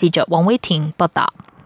記者王維婷報道。